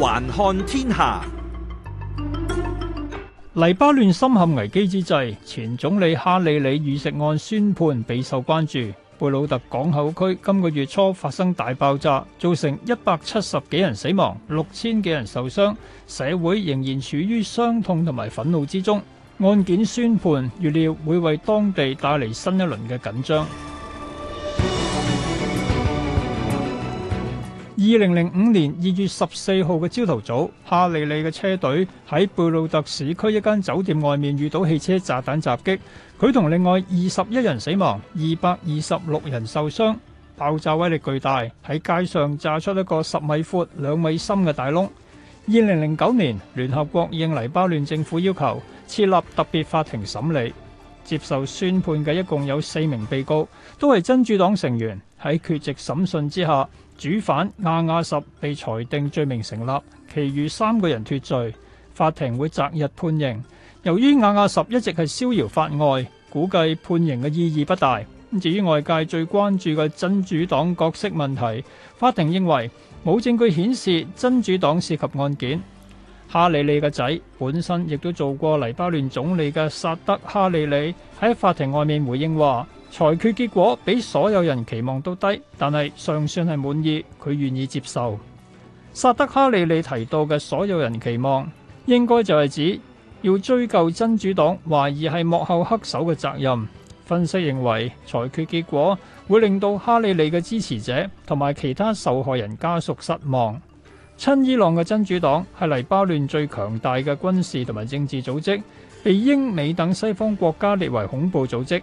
環看天下，黎巴嫩深陷危機之際，前總理哈里里遇刺案宣判備受關注。貝魯特港口區今個月初發生大爆炸，造成一百七十幾人死亡，六千幾人受傷，社會仍然處於傷痛同埋憤怒之中。案件宣判預料會為當地帶嚟新一輪嘅緊張。二零零五年二月十四號嘅朝頭早，哈里里嘅車隊喺貝魯特市區一間酒店外面遇到汽車炸彈襲擊，佢同另外二十一人死亡，二百二十六人受傷。爆炸威力巨大，喺街上炸出一個十米闊、兩米深嘅大窿。二零零九年，聯合國應黎巴嫩政府要求設立特別法庭審理，接受宣判嘅一共有四名被告，都係真主黨成員。喺缺席審訊之下，主犯亞亞什被裁定罪名成立，其餘三個人脫罪，法庭會擇日判刑。由於亞亞什一直係逍遙法外，估計判刑嘅意義不大。至於外界最關注嘅真主黨角色問題，法庭認為冇證據顯示真主黨涉及案件。哈里里嘅仔本身亦都做過黎巴嫩總理嘅薩德哈里里喺法庭外面回應話。裁決結果比所有人期望都低，但係尚算係滿意，佢願意接受。薩德哈里里提到嘅所有人期望，應該就係指要追究真主黨懷疑係幕後黑手嘅責任。分析認為裁決結果會令到哈里里嘅支持者同埋其他受害人家屬失望。親伊朗嘅真主黨係黎巴嫩最強大嘅軍事同埋政治組織，被英美等西方國家列為恐怖組織。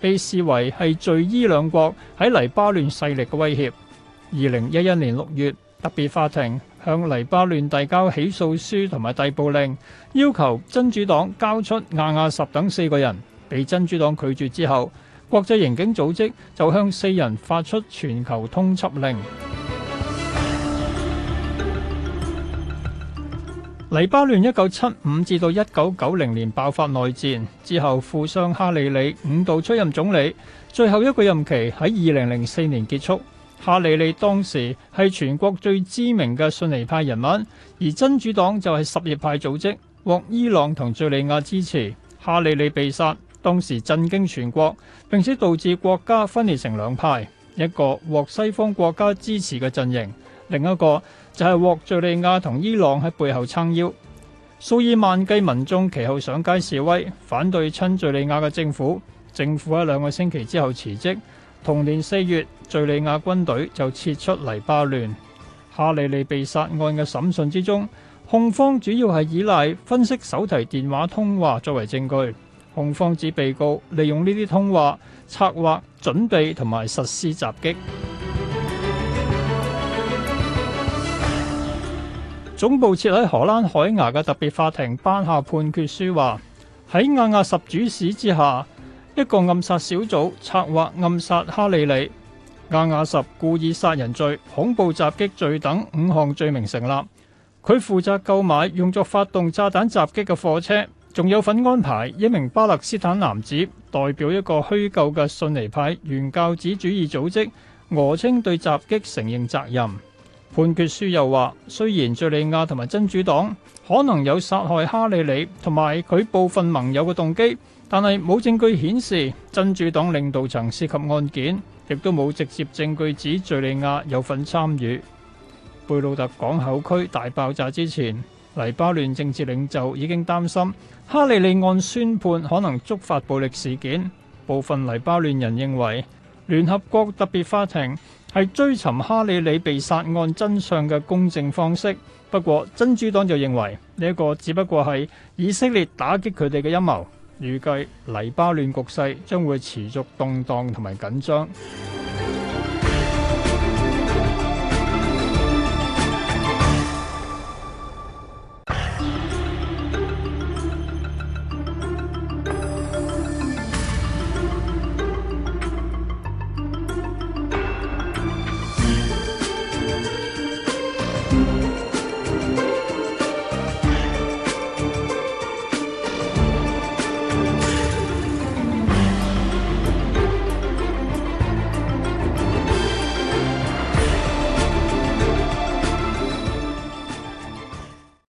被視為係敘伊兩國喺黎巴嫩勢力嘅威脅。二零一一年六月，特別法庭向黎巴嫩遞交起訴書同埋逮捕令，要求真主黨交出亞亞什等四個人，被真主黨拒絕之後，國際刑警組織就向四人發出全球通緝令。黎巴嫩一九七五至到一九九零年爆發內戰之後，富商哈里里五度出任總理，最後一個任期喺二零零四年結束。哈里里當時係全國最知名嘅遜尼派人物，而真主黨就係什葉派組織，獲伊朗同敘利亞支持。哈里里被殺，當時震驚全國，並且導致國家分裂成兩派，一個獲西方國家支持嘅陣營。另一個就係獲敍利亞同伊朗喺背後撐腰，數以萬計民眾其後上街示威，反對親敍利亞嘅政府。政府喺兩個星期之後辭職。同年四月，敍利亞軍隊就撤出黎巴嫩。哈里里被殺案嘅審訊之中，控方主要係依賴分析手提電話通話作為證據。控方指被告利用呢啲通話策劃、準備同埋實施襲擊。總部設喺荷蘭海牙嘅特別法庭，頒下判決書話：喺亞亞什主使之下，一個暗殺小組策劃暗殺哈里里。亞亞什故意殺人罪、恐怖襲擊罪等五項罪名成立。佢負責購買用作發動炸彈襲擊嘅貨車，仲有份安排一名巴勒斯坦男子代表一個虛構嘅遜尼派原教旨主義組織，訛稱對襲擊承認責任。判決書又話，雖然敍利亞同埋真主黨可能有殺害哈里里同埋佢部分盟友嘅動機，但係冇證據顯示真主黨領導層涉及案件，亦都冇直接證據指敍利亞有份參與。貝魯特港口區大爆炸之前，黎巴嫩政治領袖已經擔心哈里里案宣判可能觸發暴力事件，部分黎巴嫩人認為，聯合國特別法庭係追尋哈里里被殺案真相嘅公正方式，不過真主黨就認為呢一個只不過係以色列打擊佢哋嘅陰謀。預計黎巴嫩局勢將會持續動盪同埋緊張。